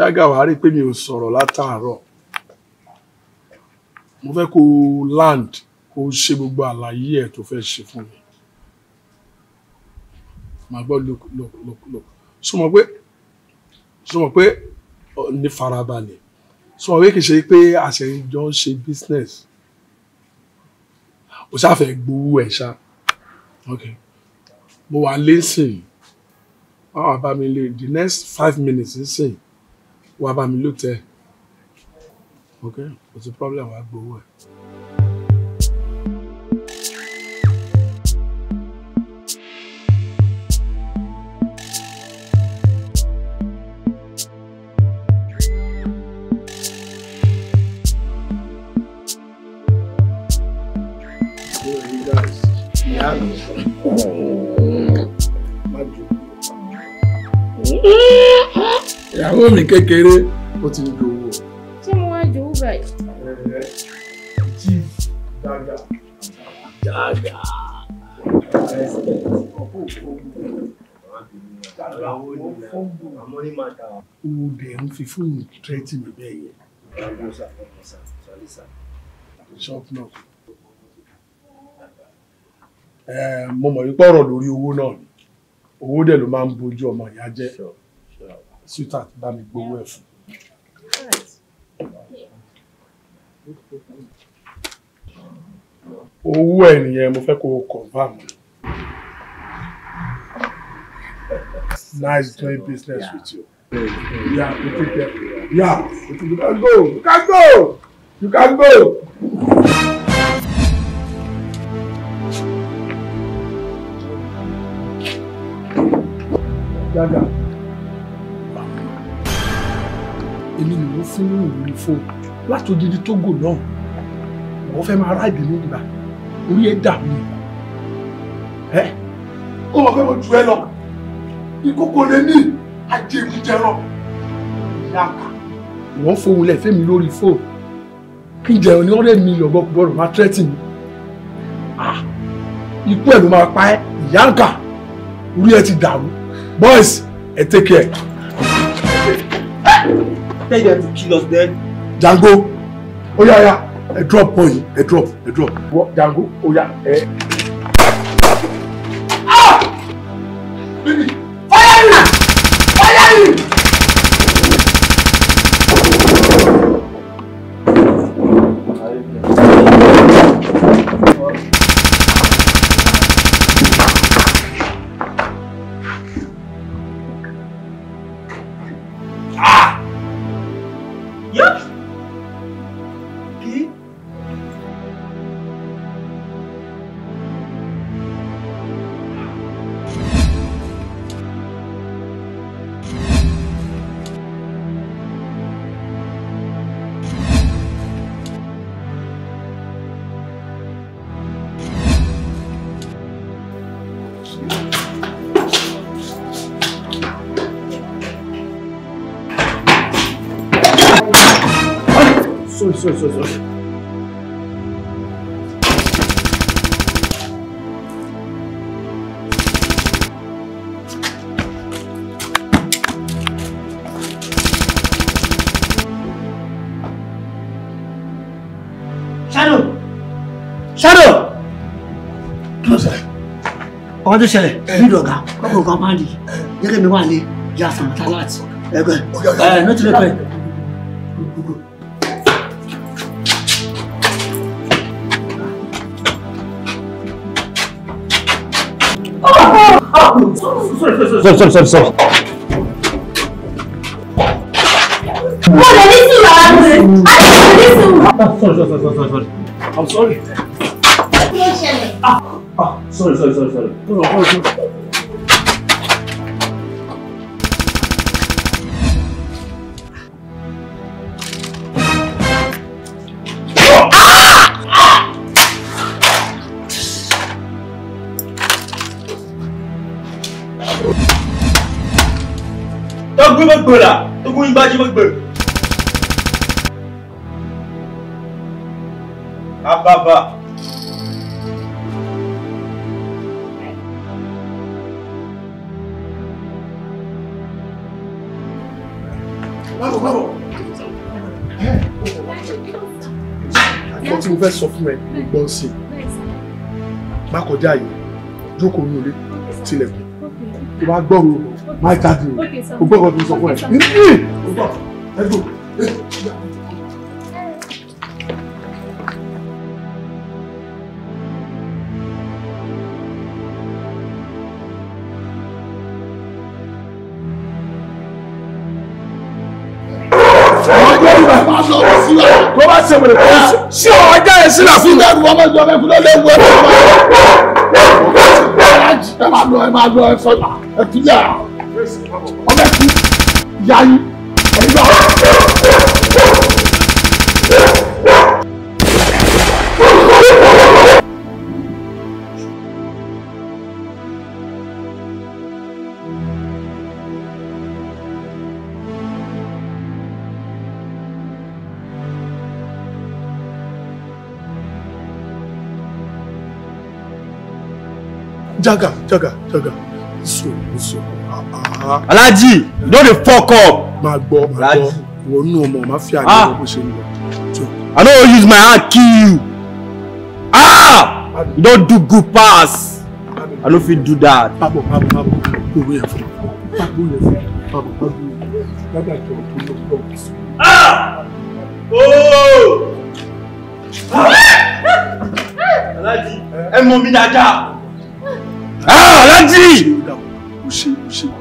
yágà wàá rí pé mi ò sọ̀rọ̀ látàárọ̀ mo fẹ́ kó land kó ṣe gbogbo àlàyé ẹ̀ tó fẹ́ ṣe fún mi màá gbọ́ lò lò lò lò sọmọ pé sọmọ pé ní farabalẹ̀ sọmọ pé kì í ṣe pé àṣẹjọ ń ṣe business o ṣáfẹ́ gbowó ẹ̀ ṣá okay mo wà lẹ́sìn àwọn àbámi lè the next five minutes ń sìn wá bá mi lóòótẹ́ ok kò sí problem wá gbowó ẹ̀. Má jù. Ah! ìyàwó mi kékeré ó ti ń dowó. ṣé mo wá jòwó báyìí. chief daga fi fóònù tírẹ́tì mi bẹ́ẹ̀ yẹn. mo mọ̀ wípé ọ̀rọ̀ lórí owó náà owó dẹ̀ ló máa ń bójú ọmọ ìyá jẹ́. sweetheart bá mi gbowó ẹ̀ fún. owó ẹ̀ nìyẹn mo fẹ́ kó o confirm. nice doing business yeah. with you. Yeah, you take care. Yeah, you can go. You can go. You can go. Gaga. èmi ni mo fún òun ní fún un láti odidi Tógò náà wọ́n fẹ́ máa ráìbì mí nígbà orí ẹ̀ dà mí ẹ́ ó wọ́n fẹ́ mo ju ẹ lọ ìkókò lè ní ajémujẹrọ ìyáàkà wọ́n fowó lẹ̀ fẹ́mi lórí fóònù kí n jẹun ní ọ̀rẹ́ mi yọ̀gbọ́n gbọ́dọ̀ máa tẹ́tì mi ikú ẹ̀ ló máa pa ẹ́ ìyáàkà orí ẹ̀ ti dàrú boys ẹ̀ take care tell them to kill us then. Django oya oya a drop boy, a drop a drop. What, Django oya ẹ. Eh. sorry, sorry, sorry, sorry. Shadow! Shadow! Eh. Kí ló ṣẹlẹ̀? Ọ̀rọ̀ máa ń di, jẹ́ mi wà ní ìyá àfàmàtà láti. Ẹgbẹ́, ẹ̀ nọ́tìlẹ́pẹ̀. sorry, sorry, sorry, sorry. 뭐 레디스 나왔는? 아니 레디스. Sorry, sorry, sorry, sorry, sorry. I'm sorry. 아, 아, sorry, sorry, sorry, sorry. 어, 어, sorry. má gbèrò à ogún yín bá jí má gbèrò. ababa. báwo báwo. nǹkan tí mo fẹ́ sọ fún ẹ mo gbọ́ sí i má kọjá yìí jókòó ní ilé tilẹ̀kùn tó bá gbọ́ òun my daddy o gbọ́ ọ̀dùn sọ fún ẹ ní ọgbà ẹgbẹ́ tó bá ṣe wèrè kó ṣí ọ ọjà yẹn sílẹ̀ fún mi. ìdẹ́rù ọmọ ìjọba ẹ̀kú go. lé wọ ẹ̀ máa lọ ẹ̀ máa lọ ẹ̀ fọ́nà ẹ̀ tún yà. 压抑，哎呀！狗，狗，狗，狗，狗，狗，狗，狗，狗，狗，狗，狗，狗，aláàjì no dey fok up. máa gbọ́ máa gbọ́ wo nù ọmọ máa fi àná ah. ọmọ bó ṣe i don't use my hand kill you ah you don't do good pass i don't fit do that. pabọ pabọ pabọ owó yẹn fún pabọ yẹn fún pabọ pabọ yẹn fún ah ooo oh! aláàjì ẹ mọ mi dáadáa ah! ah, aláàjì. o ṣe o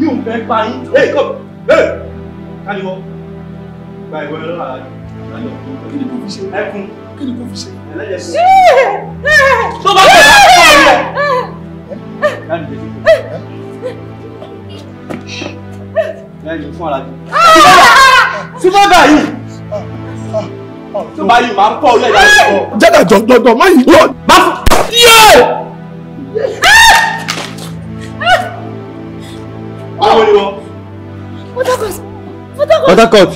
mi ò fẹ́ pa yín ẹ kọ ẹ káliwọ gba ìwé lọ́wọ́ àlájọ àlájọ kí ni kò fi ṣe ẹkún kí ni kò fi ṣe ẹlẹ́jẹ̀ sí. tó bá tẹ̀lé ọ̀rọ̀ rẹ̀ láti jẹ́ sí kò lẹ́yìn fún àlájọ. Ah! tí bá bá yìí tó bá yìí máa ń pọ̀ orí ẹ̀dá yìí. jẹ́dá jọ̀gbọ̀gbọ̀ má yìí jọ. má yẹ. wèrè wọ. Port Harcourt Port Harcourt.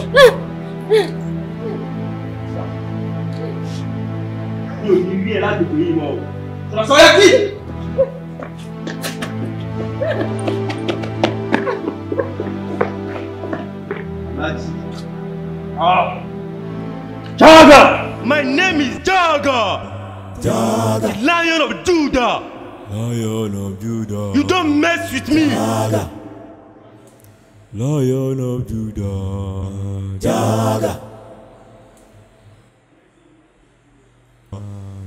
Jaga! My name is Jaga! Jaga! Lion of Judah! Lion of Judah! You don't mess with me! Jaga! Lion of Judah. Jaga.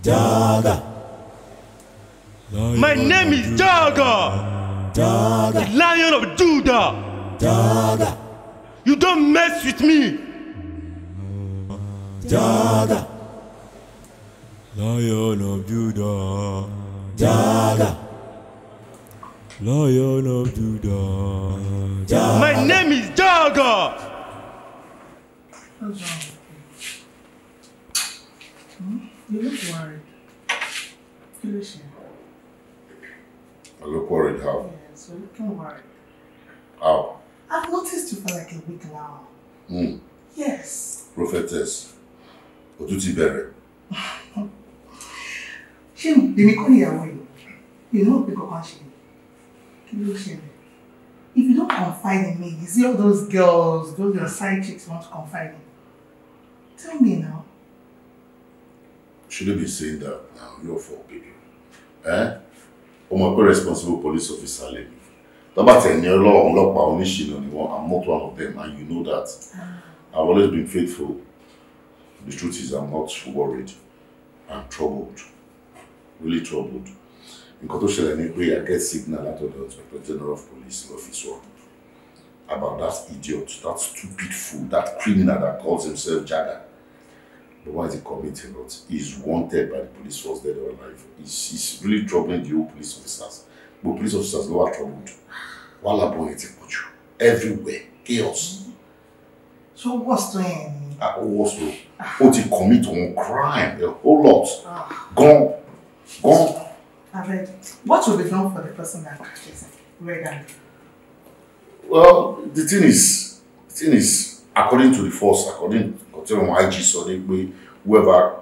Jaga. My name is Jaga. Jaga. Lion of Judah. Jaga. You don't mess with me. Jaga. Lion of Judah. Jaga. Lion of Judah. Yeah. My name is Jaga. You look worried. Finish I look worried how? Yes, you're looking worried. How? I've noticed you for like a week now. Hmm. Yes. Prophetess, ó tún ti bẹ̀rẹ̀. Ṣé èmi kọ́ níyàwó yìí? Ìlú kí ló ṣẹlẹ̀ if you don't confide in me you see all those girls those your side chicks want to confide in tell me now. Should you be saying that now your fault baby eh? ọmọ pé responsible police officer lady. tọ́ba tẹ̀ ní ọlọ́run ọlọ́pàá oníṣìnà ni wọ́n i'm not one of them and you know that ah. i've always been faithful the truth is i'm not worried i'm troubled really troubled nǹkan tó ṣẹlẹ̀ ni pé i get signal látọ̀dọ̀ inspector general of police lọ́fíìsì wọn about that idiot that stupid fool that criminal that calls himself Jaga. but why is he committing? a he is wanted by the police force dead or alive he is really troubling the whole police officers but police officers no are troubled wàhálà bọ̀ yẹn ti pọ̀ jù everywhere chaos. so what's doing. ah uh, what's doing o ti commit one crime a whole lot ah. Gone, gone and read. What will be done for the person that catches read and Well, the thing is, the thing is, according to the force, according to my IG study, we whoever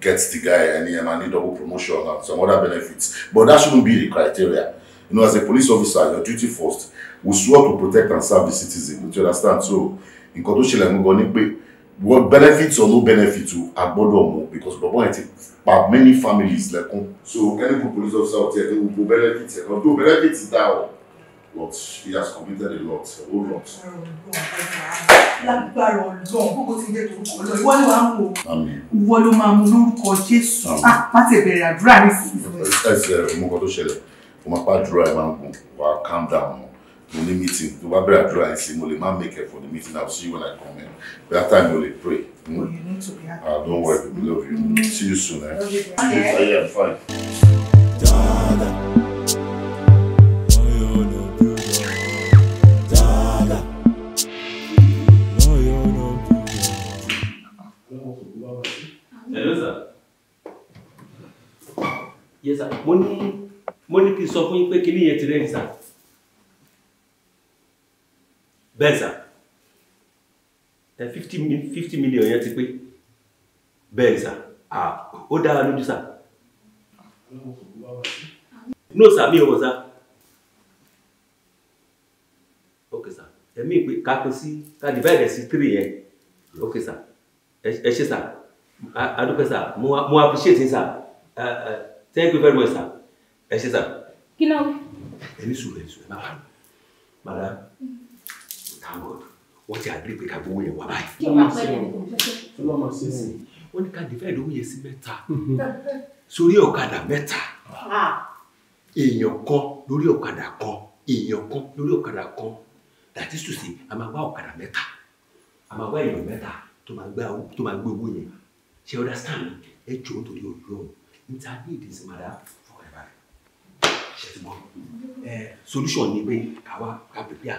gets the guy any money, double promotion and some other benefits. But that shouldn't be the criteria. You know, as a police officer, your duty first, we swore to protect and serve the citizen. Do you understand? So, in tó we're going to be. What benefits or no benefits o agbọ́dọ̀ mọ̀ because bọbọ yẹn ti pa many families lẹ́kùn. so any police officer ọtí ẹ tó gbogbo benefits ẹ náà tó benefits dá o but he has committed a lot a whole lot. lágbára Ọlọ́run kókó ti jẹ tó kọ lọ ìwọ ló máa ń wo ìwọ ló máa ń mú lórúkọ Jésù ah, má ti bẹ̀rẹ̀ àdúrà nísinsìnyí. ẹ ẹ mo kàn tó ṣẹlẹ̀ mo máa pa àdúrà ẹ máa ń gùn wá calm down mo ní meeting tó bá bẹ̀rẹ̀ àdúrà yìí sí mo lè má make it for the meeting i will see you when i come in that time mo lè pray. Mm? Well, oh, you need to be happy. Uh, don't worry we love you mm. see you soon. Eh? Love you. Okay. Oh, yeah, fine. Yes, sir. Mo ní mo ní kí n sọ fún yín pé kinní yẹn ti rẹ̀ ń bẹ́ẹ̀ sà ẹ fifty fifty million yẹn ti pé bẹ́ẹ̀ sà ó dára lójú sà no sà mi ò wọ̀ sà ok sà ẹ̀mí ìpè ká pín sí ká divide ẹ̀ sí three yẹn ok sà ẹ ṣé sà adúpẹ́ sà mo appreciate sà thank you very much sà ẹ ṣé sà. kí náà. ẹ ní sùúrù ẹ ní sùúrù ẹ má pa màdá. Thank God wọ́n ti agree pé ká gbowó yẹn wá báyìí. wọ́n ní ká divide owó yẹn sí mẹ́ta mm-hmm. sórí ọ̀kadà mẹ́ta ah. èèyàn kan lórí ọ̀kadà kan èèyàn kan lórí ọ̀kadà kan that is to say a máa wá ọ̀kadà mẹ́ta a máa wá èèyàn mẹ́ta tó máa gbé owó yẹn ṣe understand ẹ jọ̀ọ́ nítorí olùrọ̀rùn níta ní ìdí sí màdá fọkànlẹ̀ báyìí ṣe ti bọ́ solution ni pé ká wá ká à.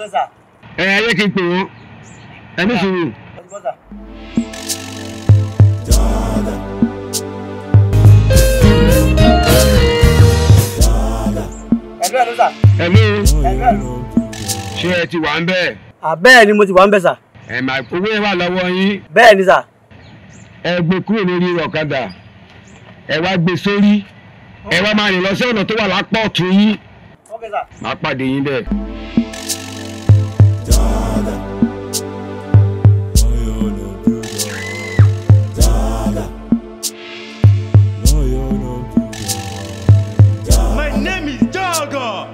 ẹ ayé kí n pè wọ́n ẹ ní sùúrù. ẹ̀mí ṣé ẹ ti wà ń bẹ́ẹ̀. àbẹ́ẹ̀ ni mo ti wà ń bẹ̀ sà. ẹ̀mà owó wà lọ́wọ́ yín. bẹ́ẹ̀ ni sà. ẹ gbé kúrò lórí ọ̀kadà ẹ wá gbé sórí ẹ wá máa rìn lọ sí ọ̀nà tó wà lápá ọ̀tún yín. máa pàdé yín bẹ́ẹ̀. God.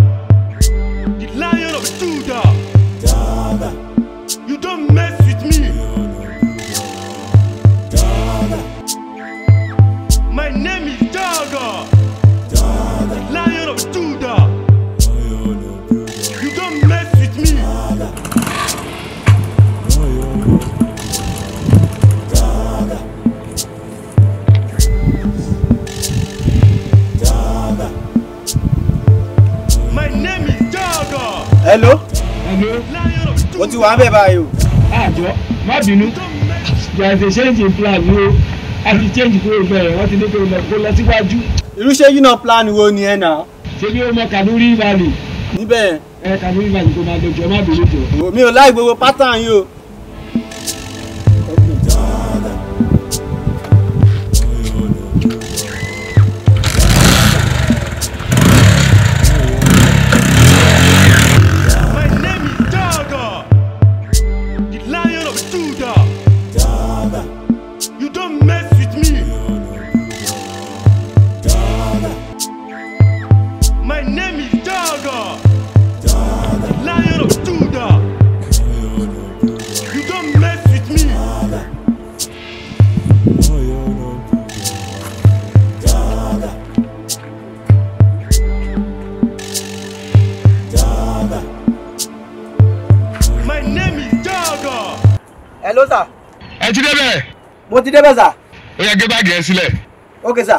hello. hello. o ti wà ń bẹ̀ báyìí o. àjọ ah, má bínú there is a change in plan ni o a ti change kúrò bẹ́ẹ̀ wọ́n ti ní kó lọ síwájú. irú ṣé yíná plan wo ni ẹ nà. ṣé bí o mọ Kanuri Valley. níbẹ̀. ẹ eh, Kanuri Valley tó máa lọ jọ má bínú jọ. mi ò láì gbogbo pátá yín o. ti débẹ̀ sà. ó yẹ gé báàgì yẹn sílẹ̀. ok sà.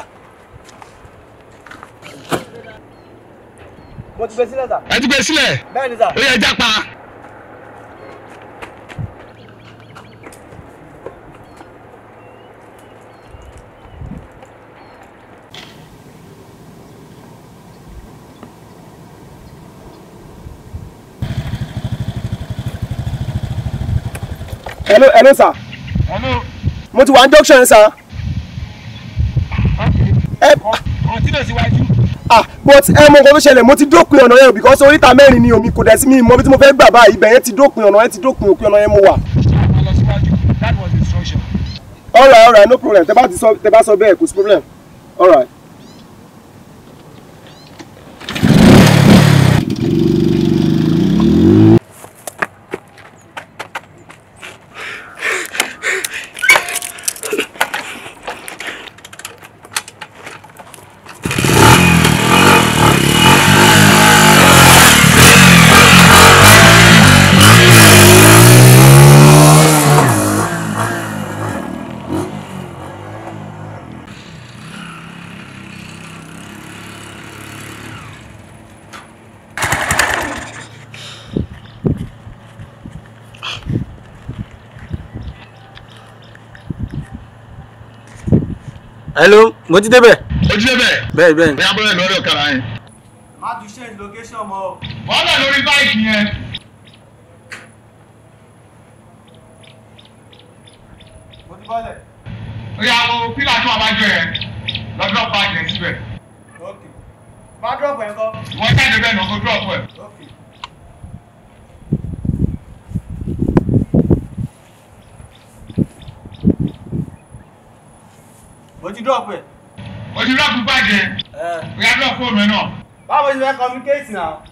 mo ti gbé sílẹ̀ sà. ẹ ti gbé sílẹ̀. bẹ́ẹ̀ sà. ó yẹ jápa. Hello, hello, sir. Hello mo ti wà ní junction sir. ah but ẹ mọ nǹkan tó ṣẹlẹ̀ mo ti dópin ọ̀nà yẹn because oríta mẹ́rin ni omi kò dẹ̀ sí mi mọ ibi mo fẹ́ gbà báyìí ibẹ̀ yẹn ti dópin ọ̀nà yẹn ti dópin òpin ọ̀nà yẹn mo wà. all right all right no problem tẹ bá sọ bẹ́ẹ̀ kò sí problem all right. hello mo ti débẹ̀. o ti débẹ̀. bẹ́ẹ̀ bẹ́ẹ̀. bẹ́ẹ̀ abúlé lórí ọ̀kadà yẹn. má ju change location mọ́ o. wọ́n lọ lórí báyìí yẹn. mo ti bọ́lẹ̀. ó yà wọ pílà tí wọ́n yẹn. their communicates now.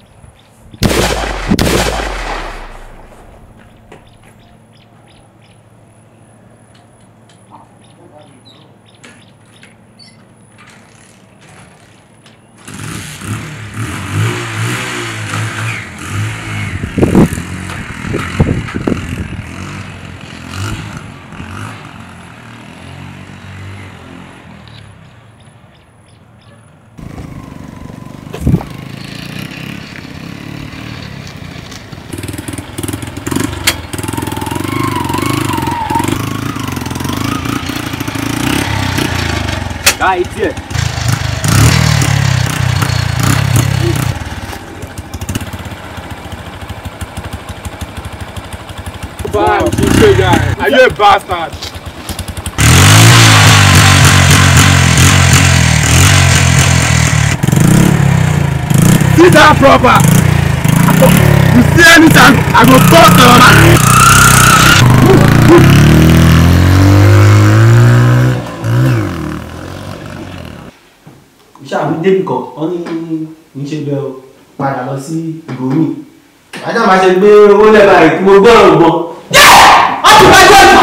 ká etí ẹ̀. are you a bastard? Sit down proper. You see anything, I go talk to you. mi débì kan wọ́n ní ní ṣe bẹ́ẹ̀ o padà lọ sí ìbomi àti àwọn àṣẹ gbé owó lẹ́bàá ìkú mo gbọ́ ọ̀rọ̀ gbọ́. ó ti bá jọ́ ìgbà.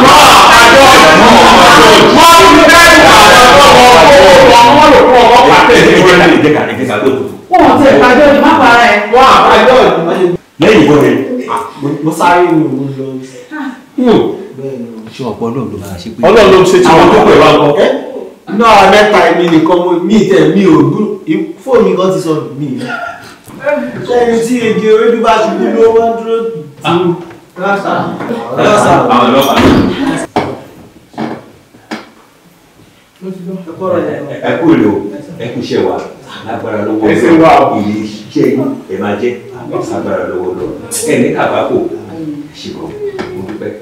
wọ́n àjọ wọ́n ti bẹ́ẹ̀ ní àwọn ọmọ ọmọ ọmọ lòkú ọmọ pàtẹ́ ìdíwọ́n ní ìdíkà ìdíkà tó kù. wọ́n ti ìpàjọ́ ìgbà para ẹ̀. wọ́n àpàjọ́ ìgbà. lẹ́yìn ìbọn mo sáré mi ò lọ. ṣé ọ̀pọ̀ ọlọ́run ló máa ṣe pé. ọlọ́run ló ń ṣe tí wọ́n tó pẹ̀lú àwọn náà mẹ́ta èmi nìkan mo mí tẹ̀ mí ò gbú fóònù kan ti sọ mí. ẹni tí èdè orí bá ti kú ló wá dúró tù. Ah. àwọn ọlọ́pàá. ẹ kú lè o ẹ kú iṣẹ́ wa lágbára lọ́wọ́ ẹsẹ̀ wa ìlú iṣẹ́ yìí ẹ máa jẹ́ lágbára lọ́wọ́ lọ ẹ ní kàbákò ṣùgbọ́n mo dúpẹ́.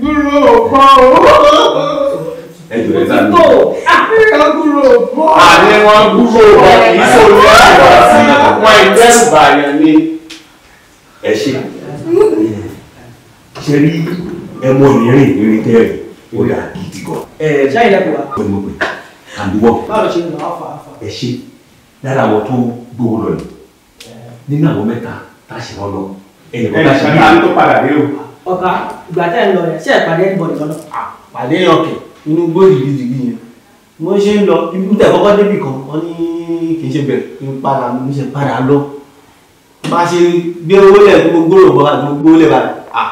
gbúrò pa o ẹjọ ẹ sáà tó àwọn ah! gúrò bọ àní wọn gúrò bọ ìṣòro ìwà sí wọn ìdẹ́rù bàyàn ni ẹ ṣe ṣe rí ẹmọ ìrìn ìrìn tẹ́rì ó dà gidi gan. ẹ ṣáà ilẹ̀kùn wa. pẹ̀lú pẹ̀lú àdúgbò. báwo ṣe ń lọ àfà àfà. ẹ ṣe lára àwọn tó gbówó lọ ni nínú àwọn mẹ́ta tá a ṣe wọn lọ ẹnìkan tá a ṣe wọn lọ. ẹ ṣàlàyé tó padà dé o. ọ̀gá ìgbà tẹ́ ń lọ yẹn ṣé ẹ̀ pàdé ẹ̀ ń bọ̀ ìjọ náà. pàdé yọkẹ̀ inú gbòòrì gidigidi yẹn mo ṣe ń lọ ibi tẹ kọ́kọ́ débi kan wọ́n ní kì í ṣe bẹ̀rẹ̀ kí n padà mo ṣe padà lọ bá ṣe gbé owó lẹ̀ kí mo gbòòrò bọ́ àti mo gbówó lẹ̀ bàdà à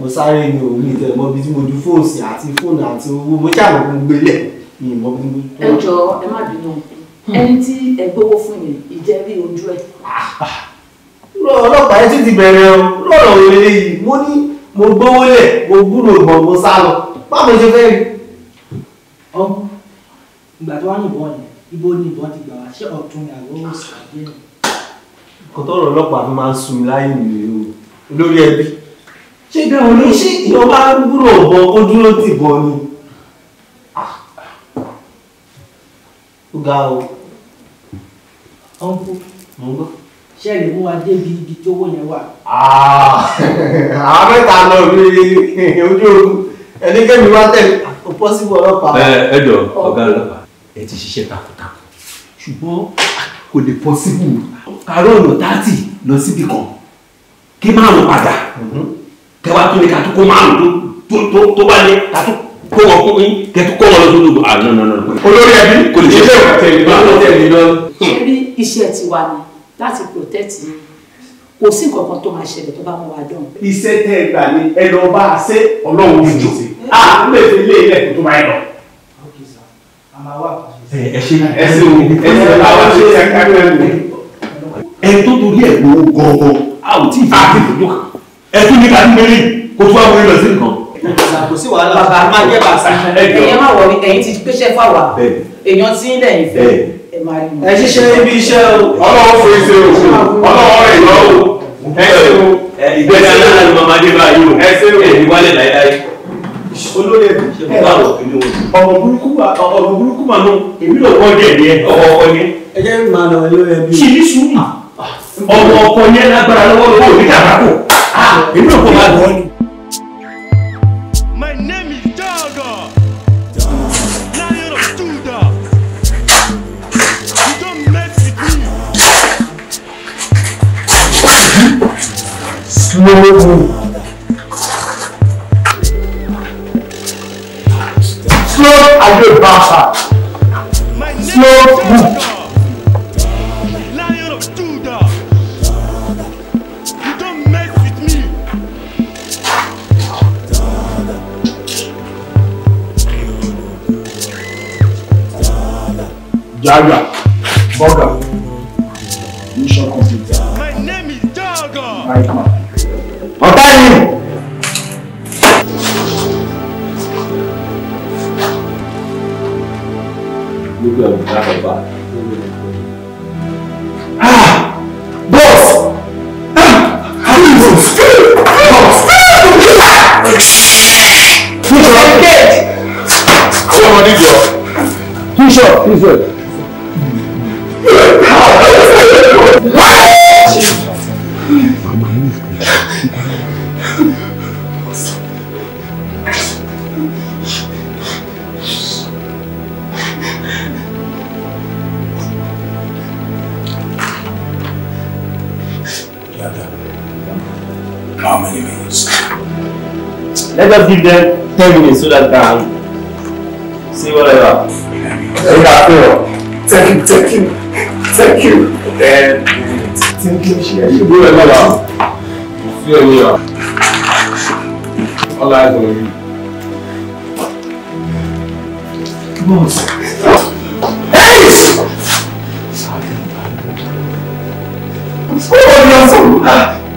mo sáré ní òun ìtẹ̀ mọ́ bí tí mo ju fóònù sí àti fóònù àti owó mo ṣàmọ̀ kó gbélé ní ìmọ̀ bí mo. ẹ jọ ẹ má bínú ẹni tí ẹ gbowó fún yẹn ìjẹ́rí ojú ẹ ọlọ́pàá ẹ tún ti bẹ̀rẹ̀ o lọ́rọ̀ òwe lélẹ́yìí mo ní mo gbówó lẹ̀ mo gbúrò gbọ̀n mo sá lọ báwo ṣe fẹ́ rí ọmọ ìgbà tó wá yìnbọn yẹn ibo ni ìbọn ti gbà wá ṣé ọ̀tún ni àgbo òsì àbí ẹ̀yìn. nǹkan tọrọ ọlọ́pàá ló máa ń sun mi láyé nìyẹn o lórí ẹbí. ṣé ìdáhùn olóyún ṣé ìyọba gbúrò ọ̀bọ ó dúró tì bọ́ ni. Ah, ó ga o. ọ̀npọ̀ mò ń gbọ́ ṣẹ́ẹ̀lì mú wa débi ibi tó wọ̀ yẹn wà. Ah, àà mẹ́ta lọ rí ojú ogun ẹnikẹ́ni wá tẹ̀lé possible ọlọ́pàá. ẹ ẹ jọ ọ̀gá ọlọ́pàá ẹ ti ṣiṣẹ́ takuntakun ṣùgbọ́n kò lè possible kàrọ̀ ọ̀nà tààtì lọ síbi kan kí márùn padà mhm. kẹwàá tó ní ká tó kó márùn tó bá lé ká tó kó wọn kó yín kẹ tó kó wọn lọ tó lóògùn àná nà nà. olórí ẹbí kò lè ṣe ìwà tẹ̀lé máa lọ tẹ̀lé lọ. ṣebí iṣẹ́ tiwa ni láti protect yín kò sí nǹkan kan tó máa ṣẹlẹ̀ tó bá mú wa dán. iṣẹ́ tẹ́ ẹ gbà ni ẹ lọ bá a ṣe ọlọ́run ojú a n lè fi ilé ilẹ̀ tó máa ń lọ. ẹ ṣe ẹ ṣe o ẹ ṣe àwọn ṣe ṣe kájú ẹ wò. ẹ tó torí ẹ gbowó gọgọ a ò tí ì fi àti ìdókò ẹ tún ní ká ní mẹ́rin kó tún wá wọlé lọ sí nǹkan. kò sí wàhálà bàbá máa jẹ́ bàṣà ẹ̀yẹ má wọ̀ ní ẹ̀yìn ti gbéṣẹ́ fáwa èèyàn tí ń lẹ́yìn fẹ́ ẹ ṣiṣẹ́ ibi iṣẹ́ o. ọlọ́wọ́ fún iṣẹ́ o ọlọ́wọ́ ìlọ́ o ẹ ṣe o ìgbésẹ̀ náà ni màmá dé báyìí o ẹ ṣe o èyí wálé náà olórí ẹbí ọmọ burúkú ọmọ burúkú mà nù èmi ló wọ́n dẹ̀ ní ẹ ọmọ ẹ jẹ́ mi máa lọ olórí ẹbí. ṣì ní sùúrù ọmọ ọkọ yẹn lágbára lọ́wọ́ lọ́wọ́ òní kàkàkù èmi ló kọ́ máa lọ ni. Slow move. Adé Bàṣà slow book. Jaga, Boga, mission complete. My name is Jaga. Ọ̀tá yìí. problem bla bla bla. ah boss ah how you go scream boss ah. kí sọ just give them 10 minutes so that they can see whatever. Thank you, thank you, thank you. Then, thank you, she You do another. now. Feel me All eyes on you. Boss. Hey!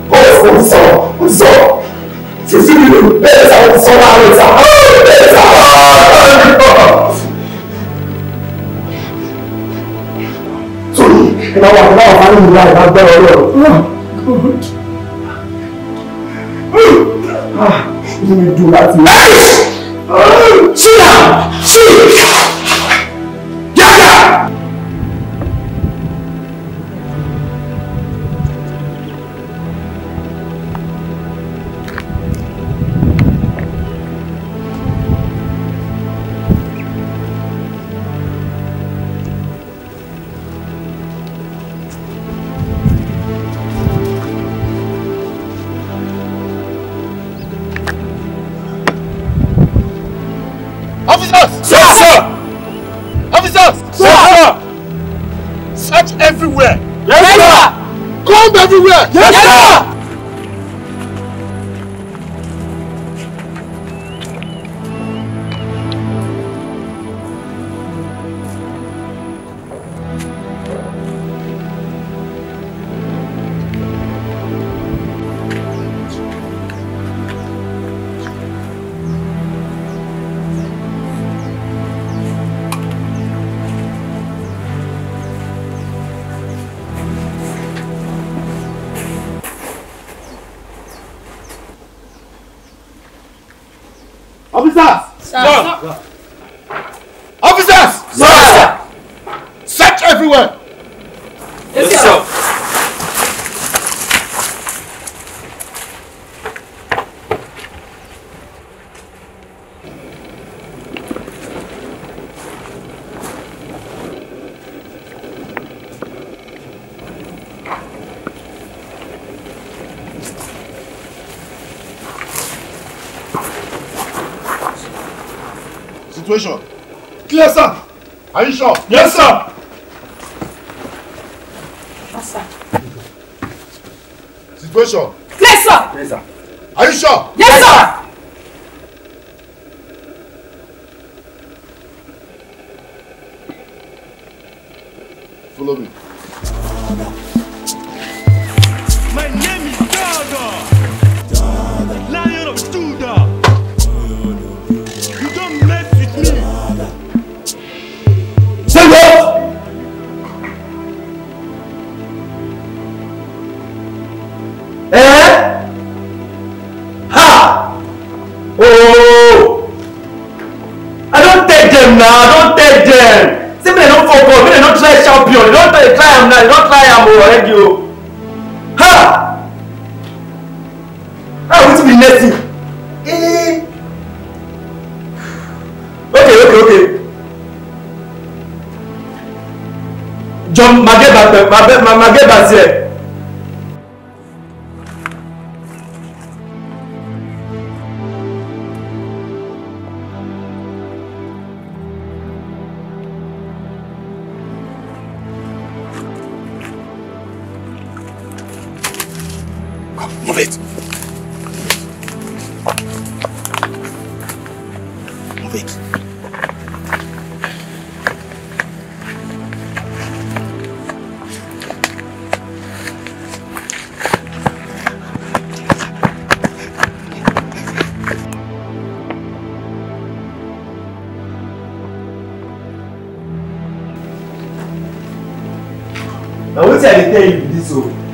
Oh, you're so. Oh, so, so, so sísí ìlú bẹ́ẹ̀ sá ó sọ máa rẹ̀ sá bẹ́ẹ̀ sá ó máa rẹ̀ bọ̀. sórí ẹ bá wà ní báwọn fáwọn ìlú láì bá gbẹ́rọ lọ. Ah, ìyẹn dùn láti. ṣíyà ṣíyà. Ah! Clear, sir. Are you sure? Yes, sir. Master, Situation. already o ha ah wetin be next thing eh okay okay okay john mageba mageba mageba sef. topic. Now, what I tell you this over?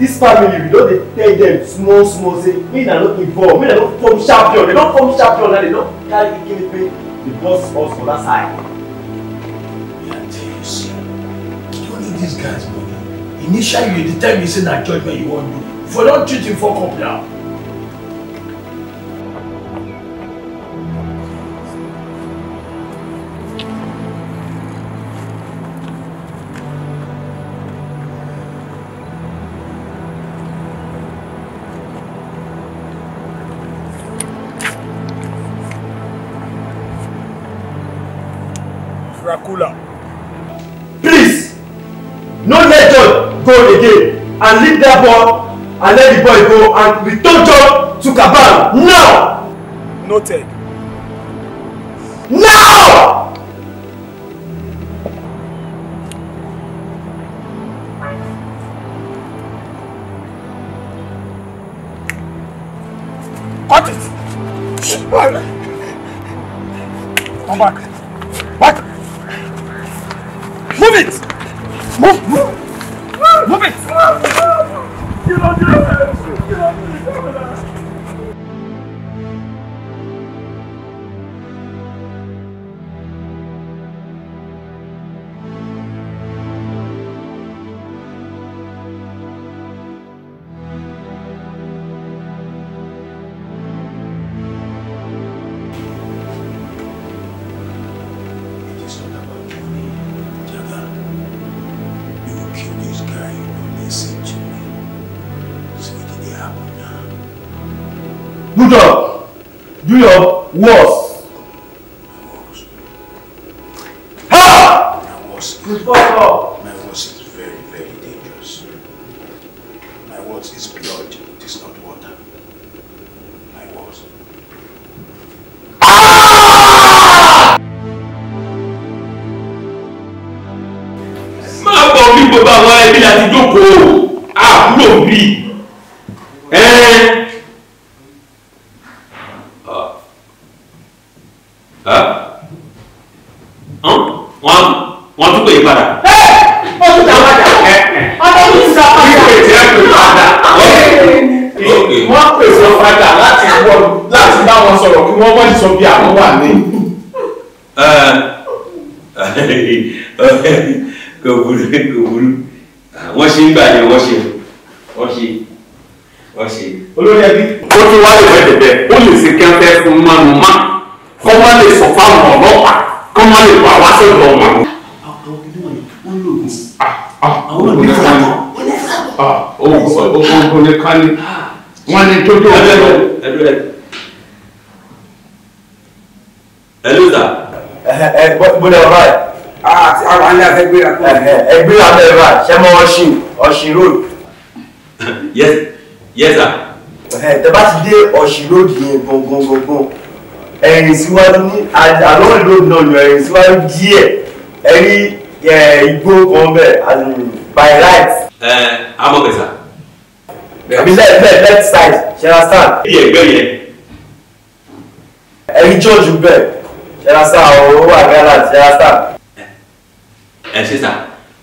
This family we don dey tell dem small small say make na no involve make na no form champion dem don form champion na dem don carry kini pe dey boss us for that side. tell you say you need dis guy's money initially you dey tell me say na judgement you wan do For i don treat him for cup now ah, and leave that boy and let the boy go and return John to Kabal now. Noted. Now! Cut it! Come back. Back! Move it! Move! move. good Do your worst. ṣí lóòdì yẹn gangan ẹ̀rìn síwájú ní àlọ́ ìlóòdì náà lọ ẹ̀rìn síwájú díẹ̀ ẹ̀rí igbó kan bẹ́ẹ̀ by right. ẹ amọ̀kẹsà. àbí left left left side ṣe ra stand. ẹgbẹ́ yẹn. ẹ̀rí jọ́ọ̀jù bẹ́ẹ̀ ṣe ra owó àgbàlá ṣe ra ẹ ṣe sà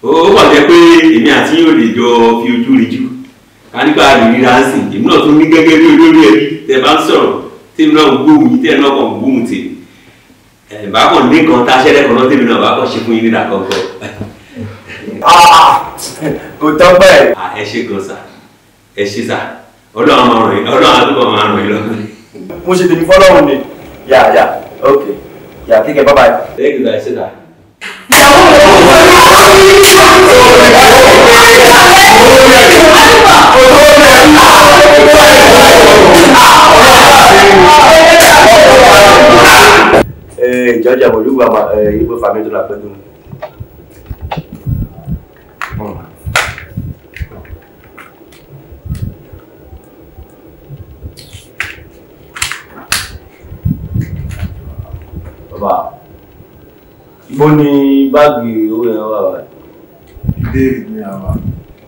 ó wà jẹ́ pé èmi àti yóò lè jọ fi ojú rí jù nígbà àdìríra ń sìn èmi náà tún ní gẹ́gẹ́ bí olórí ẹbí tẹ bá ń sọ̀rọ̀ tèmi náà gbóhùn yìí tẹ̀mí náà kàn gbóhùn tèmi bá kàn ní nǹkan tá a ṣẹlẹ̀ kan náà tèmi náà bá kàn ṣe fún yín nígbà kankan. kò tán bẹ́ẹ̀. ẹ ṣe gan sa ẹ ṣe sa ọlọ́run máa ràn yín ọlọ́run àdúgbò máa ràn yín lọ́wọ́. mo ṣe tèmi fọlọ́run ni yà yà ok yà kíkẹ́ bye bye. lẹ́yìn ìgbà ìṣẹ̀dá. ìyàwó mi ò ìjọ́jà mọ̀lúwà ìgbò fàmí tó lápẹ́ tó bàbá ibo ni báàgì owó ẹ̀rọ wà wà. ìbéèrè ni àwa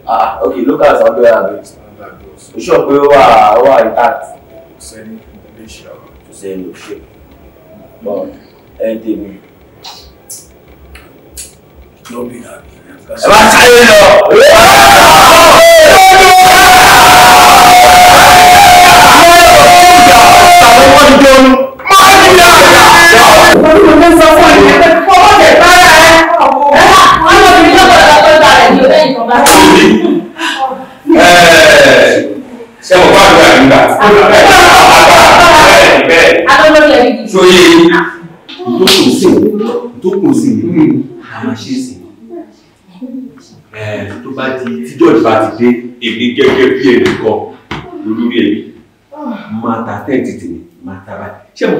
ah okay Look at lawyer abi o sọ pé ó wà ó wà intact. kò sẹ́ni ilé iṣẹ́ àwọn. kò sẹ́ni ò ṣe bọ́ ẹ tèmi. lóbi náà ẹ bá sáré lọ. Máa ń yára! Mo ní sọ fún ìyẹn pé fọwọ́ tẹ̀ bára. ìtàn bá rà. ṣé mo bá àdúrà nígbà bẹ́ẹ̀ bẹ́ẹ̀ adọ́lọ́lẹ̀ yìí. sóye tó kù sí tó kù sí àwọn ṣe sí tó bá di tíjọ́ ìbá ti dé èmi gẹ́gẹ́ bí ẹnì kan olórí ẹ̀mí máa ta tẹ́ǹtì tì mí máa ta báyìí ṣé mo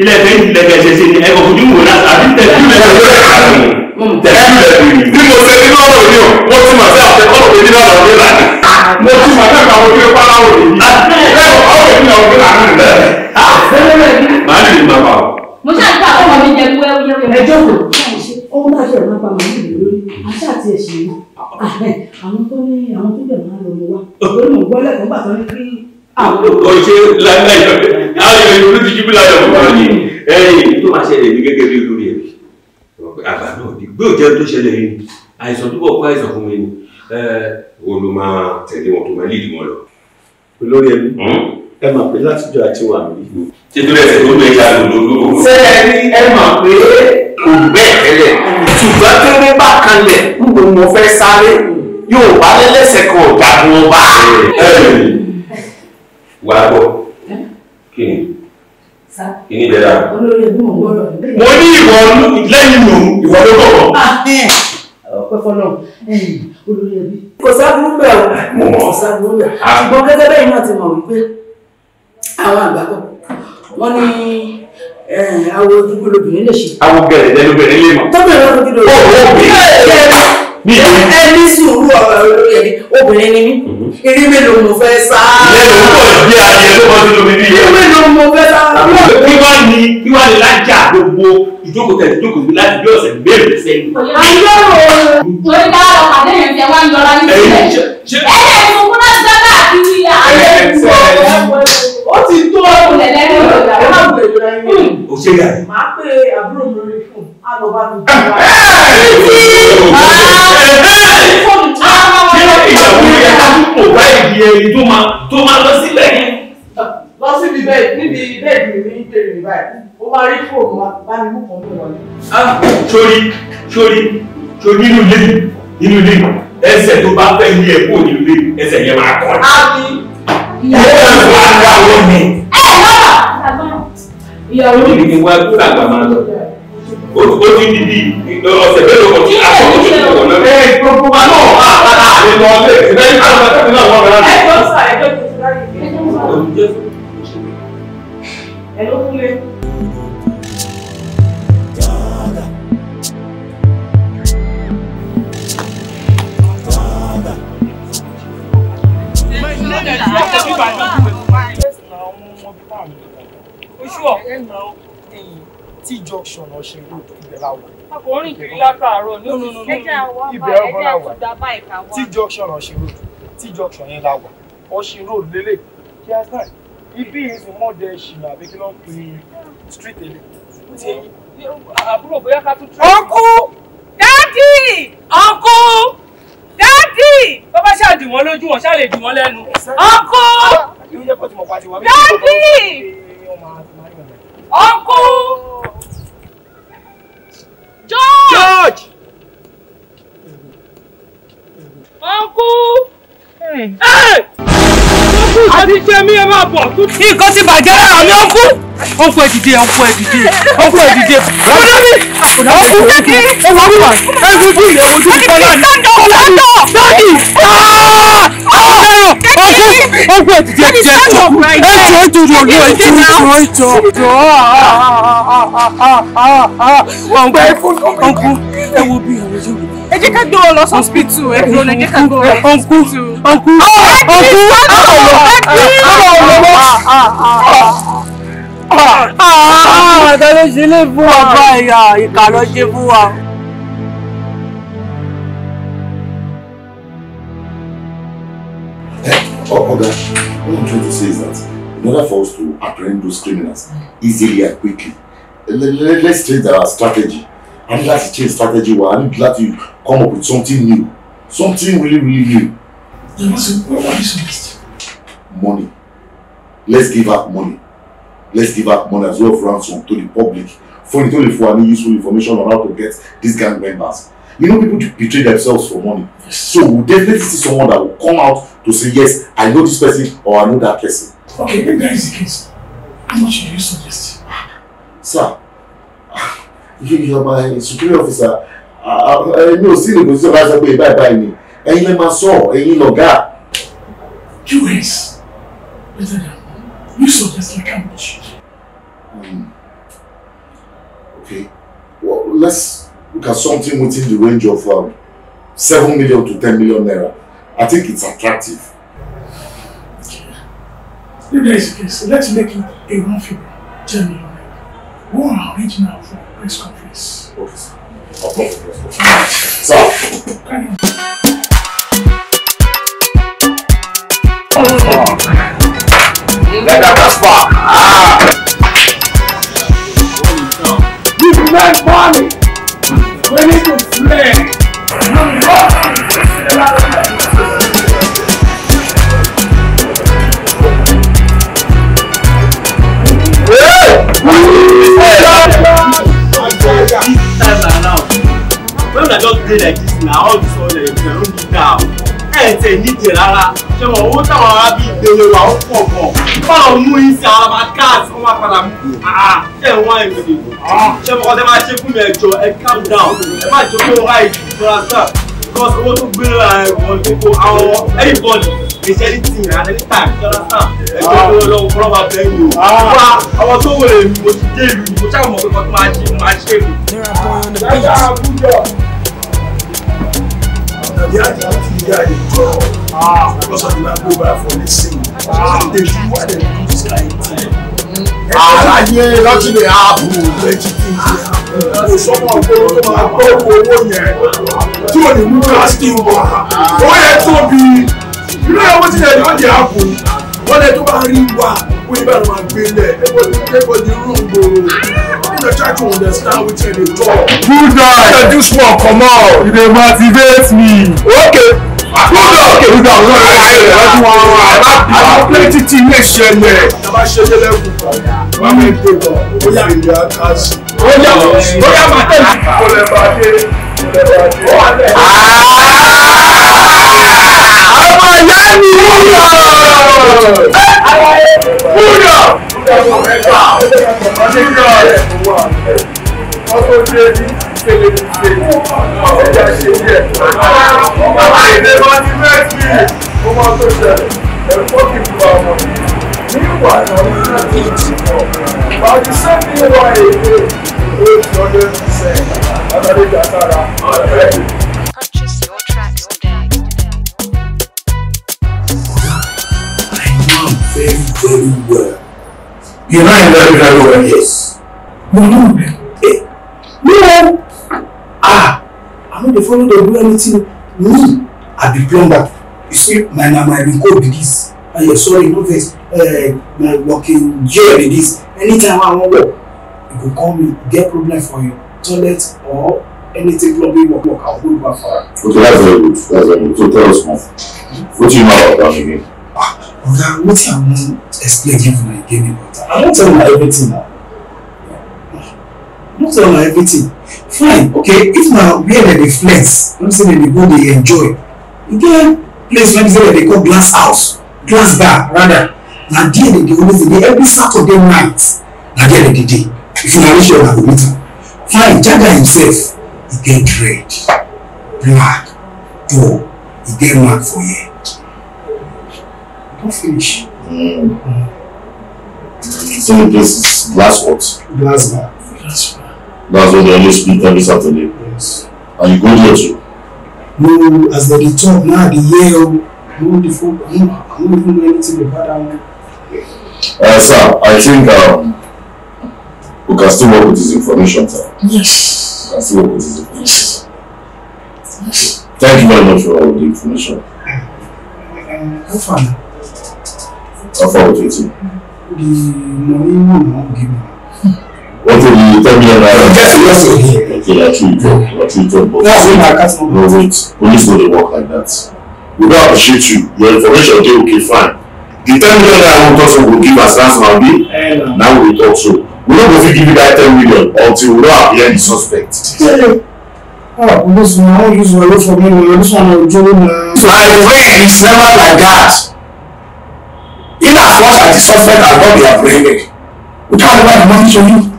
ilé ẹ̀fẹ́ ìdílé ẹ̀ṣẹ̀ ṣe ni ẹ̀kọ́ fojú wò láti àbí tẹ̀síwò ẹ̀ṣẹ̀ ṣe é. Mm. ẹ̀ẹ́dẹ̀gbìn bí mo ṣe ní lọ́rọ̀ ni o mo ti mọ̀ sí àtẹ̀kọ́ òwe ní lọ́rọ̀ ní lànà mo ti mọ̀ sí àwọn ojú ipá láwọn òní ah, bẹ́ẹ̀ ọ̀pá ah, ah, òwe ní lọ́rọ̀ ní lànà rẹ̀ máa lè má bà o. mo ṣàtúntà ọmọ mi jẹ kú ẹwú yẹn. ẹ jókòó ọmọ náà ṣe ọ̀nà pa màálù lórí àṣà àti ẹ̀ṣẹ̀ yìí àwọn tó ní àwọn tó dẹ̀ máa lọ mọ wá lórí mọ̀ gbọ́lẹ̀ kan gbà tó ní kí. ọṣẹ láìláì láyọ̀ ìlú ti jí bí láyọ̀ mọ̀ ní ẹ̀yìn tó máa ṣẹlẹ̀ ní gẹ́gẹ́ bí olórí ẹ̀mí pé àbá náà ni gbé òjẹ́ tó ṣẹlẹ̀ yìí ni àìsàn túbọ̀ kó àìsàn fún mi ni òun ló máa tẹ̀lé wọn tó máa lídìí wọn lọ. olórí ẹbí hmm? ẹ máa pè látijọ́ àti wà mí. títí ẹsẹ̀ tó lè ya lòlòlò. sẹ́ẹ̀ni ẹ máa pé kò bẹ́ẹ̀ tẹ́lẹ̀ ṣùgbọ́n tó ní bá kanlẹ̀ ń bò mo fẹ́ sáré yóò wá lẹ́lẹ́sẹ̀ kan ọ̀gá wọn bá. wàá bọ̀ kí ni. Kí ni bẹ̀rẹ̀ àwọn? Olórí ẹbí mò ń gbọ́dọ̀. Mo ní ìwọ lẹ́yìn nù ìwọ ló kọ̀kọ́. Ah, eh. Ọpẹ́ fọlọ́ eh, olórí ẹbí. Kò sábúrú bẹ̀ o. Mo mọ̀. Kò sábúrú bẹ̀. Ah. Ṣùgbọ́n gẹ́gẹ́ bẹ́ẹ̀ náà ti mọ̀ wípé àwọn àgbàkọ̀ wọ́n ní eh, awo ojúgbó lobìnrin lè ṣe. Awo gẹ̀rẹ̀ lẹ́nu bẹ̀rẹ̀ lè mọ̀. Tó bẹ̀rẹ̀ lọ́dún kí ló. Ó ẹ ní sùúrù ọ̀rọ̀ olórí ẹni obìnrin ni mí eré mélòó mo fẹ́ sá. mélòó pọ̀ bí ayé ló mọ nínú mi bí yẹn. eré mélòó mo fẹ́ sá. bí wá ní bí wá ní lájà gbogbo ìjókòó tẹ̀ ìjókòó mi láti bí ọ̀sẹ̀ mẹ́rin sẹ́yìn. ayé o torí ká lọ pàdé yẹn fi wá ń lọ láyé sílẹ̀. ẹ ẹ mo kún náà sábà àti ayé ìgbò ó ti tó ọ̀rùn lẹ́lẹ́rìí ọ̀gá ọ̀gá ọ̀gá ọ̀gá ọ̀gá ọ̀gá ọ̀gá adìyẹ tó máa tó máa lọ síbẹ̀ yẹn. lọ síbi bẹ́ẹ̀ níbi bẹ́ẹ̀ ni mi ń bèrè mi báyìí mo máa rí fóònù wa bá mi mú kàn mí wọlé. sórí inú ilé inú ilé ẹsẹ̀ tó bá fẹ́ ní ẹ̀kú òní ilé ẹsẹ̀ yẹn máa kọ́ ìyàwó mi. ẹ lọ́wọ́. ìyàwó mi. ìyàwó kúrò àgbà máa lọ o ti di bi ọ̀sẹ̀ mélòó kan tí a náà. ẹ gbogbo wa náà wà á padà lọ ilé ìtìlẹ́ yìí káwọn ọ̀sẹ̀ náà wọ̀ náà. ẹ lọ sọ ẹjọ́ tó ti láyé. ẹ ló kúlẹ̀. Oṣù t junction ọ̀sẹ̀ road ibẹ̀ la wà. akọrin kiri látàárọ̀ ní oṣù ẹ̀jẹ̀ àwọn ọba ẹ̀jẹ̀ àtúndà báyìí kà wá. t junction ọ̀sẹ̀ road t junction yẹn la wà ọ̀sẹ̀ road lélẹ̀ kí á sàn ibi yìí sì mọ̀ dẹ̀ ṣìnà àbí kí ló pè é street èlé. àbúrò bóyá ká tún. ọkú dádì ọkú dádì bó bá ṣáà dì wọ́n lójú wọn ṣáà lè dì wọ́n lẹ́nu ọkú dádì Uncle. George. George. ọkú. ọkú àti jẹmí ẹ máa bọ̀ ọkú. nǹkan ti bàjẹ́ lára mi ọkú. ọkú ẹ dìde ọkú ẹ dìde ọkú ẹ dìde. ọkú ọkú ọkú wa ẹ fi bí ìyẹ̀wò tó ti pẹ́ láàrin. ọkú dádì ọkọ ẹtì jẹ jẹ ẹjọ ẹjọ ẹjọ ẹjọ ẹjọ ẹjọ ẹjọ ọgbẹ ọgbẹ ẹwọ bí ẹwọ ṣe wù. ẹ jẹ́ ká gbé wọn lọ sọ́spítù ẹ dúró ẹ jẹ́ ká gbé wọn lọ sọ́spítù. ọkú ọkú ọkú ọlọ́wọ́ ọlọ́wọ́. àtàlẹ́ ṣe lè fún wa báyà ìkàlọ́ ṣe fún wa. Oh, Oga, what I'm trying to say is that in order for us to apprehend those criminals easily and quickly, let's change our strategy. I'm glad to change strategy. Well, I'm glad to come up with something new. Something really, really new. Then what's what is it? Money. Let's give up money. Let's give up money as well for ransom to the public. For it only for any useful information on how to get these gang members. You know, people betray themselves for money. Yes. So we'll definitely see someone that will come out to say, yes, I know this person or I know that person. Okay, if that is the case, how much do you suggest? Sir, you, you are my security officer. Uh, uh, uh, no, ò sí ní ìgbésí ọba sọ pé ìbá me. ìní. Ẹ̀yin lè máa sọ, ẹ̀yin lọ̀gá. US, better than you suggest like how hmm. Okay, well, let's look at something within the range of um, 7 million to 10 million naira. I think it's attractive. If there is a case, let's make it a one figure, 10 million naira. We will arrange now for a press conference. Okay, sir. Okay. Sir. Can Let that prosper. Ah. You make money. We need to play. You love When I just play like this now, all this all the room down. Ẹ tẹ̀ nídìí rárá ṣe mọ̀ owó táwọn arábí ìgbèrè wà ó pọ̀ pọ̀ báwo mú yín sí araba káàsì wọn máa padà mú ṣe ń wá ìrìnlẹ̀ ṣe mọ̀ ọ̀sẹ̀ máa ṣe fún mi ẹ̀jọ̀ ẹ calm down ẹ má jẹ́ kó ráì ìfura sáà because owó tó gbé ra ẹ̀wọ̀n gbogbo àwọn everybody iṣẹ́ ní tìyìn àti ní tàn jọ́nà sáà ẹ̀jọ̀ tó lọ́wọ́ fọlọ́ máa bẹ́ẹ̀ yìí o wá àwọn tó wèrè mi mo ti dé ìlú mo ṣàwọn ọmọ pé kọ́ tó máa ṣe máa ṣe é Daddy, if you die, you draw. Ah. Because of the man go back for the same. Ah. They do what they do this kind of thing. Àlàyé lọ́tí lè ààbò lẹ́jì tí ń ṣe ààbò. Mo sọ fún ọ̀pọ̀ tó máa gbọ́ owó yẹn tí ò ní mú káàsì wà. Ó yẹ tóbi. Ìlú ẹ̀ wọ́n ti lẹ̀ yọ̀ di ààbò. Wọ́n lẹ tó bá rí wa, wọ́n yẹ bá lọ́ máa gbé lẹ̀. Ẹ̀bọ̀n ní rúgbòrò try to understand wetin dey talk. good guy you dey do small out? you dey motivate me. okay good guy okay good guy wey i dey help you one one i don plenty thing wey ṣẹlẹ̀. bàbá ṣẹlẹ̀ lẹ́kùn kan wà mí dé lọ bóyá ìyá àtàzì. bóyá bóyá màtẹ́lì. kọlẹ̀ bá dé kọlẹ̀ bá dé. ọmọ ìyá mi wúlò. wúlò ọkọ̀ tí ebi ṣẹlẹ̀ ṣe Very, very well. You know him very, very well, yes. But no, eh, no. Ah, I no dey follow dem do anything. Me, I be plumber. You see, my na my record be this. Ah, yeah, sorry, no vex. Uh, my working year be this. Anytime I wan work, you go call me. Get problem for your toilet or anything plumbing work work. I go do am for am. Okay, that's very good. That's very good. So tell us more. What do you know about plumbing? Ah, brother, what I want to explain to you when I get about that. I won't tell you everything now. I won't tell you everything. Fine, okay, if now where dem dey flex, let me say dem they go dey enjoy. E get place wey they say dem call glass house, glass bar rather. Now there they do always dey every Saturday night. Na there dem dey dey. If you na sure, your na go meet am. Fine, Jaga himself, He get red, black, dull, He get mark for you not finish. Mm. Mm. So this is glass what? Glass bar. Glass bar. That's what they always speak every Saturday. Yes. And you go there too? No, as they talk now, the Yale, oh, no, the folk, I'm not even do anything about that one. Uh, sir, I think um, we can still work with this information, sir. Yes. We can still work with this information. Yes. Thank you very much for all the information. Uh, have fun. The money will not give me. What will you tell me about? Get to yes or him. Okay, I treat you. I treat you. But That's what my cat's not. No, wait. Police don't work like that. We don't appreciate you. Your information dey okay, fine. The ten million naira one person go give as last man be. Now we talk so. We no go fit give you that ten million until we don appear the suspect. Yeah. Ah, this one, I use my load for me. This one, I will do it. My friend, it's never like that the suspect has not been apprehended can't ever money to you.